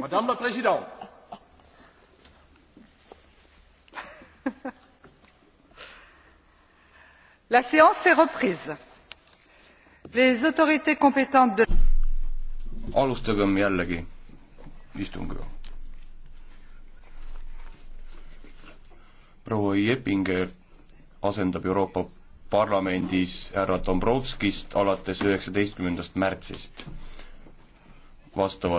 Madame la Présidente, la séance est reprise. Les autorités compétentes de alustagem jällegi istungiga. proua Jeppinger asendab Euroopa parlamendis härra Dombrovskist alates üheksateistkümnendast märtsist.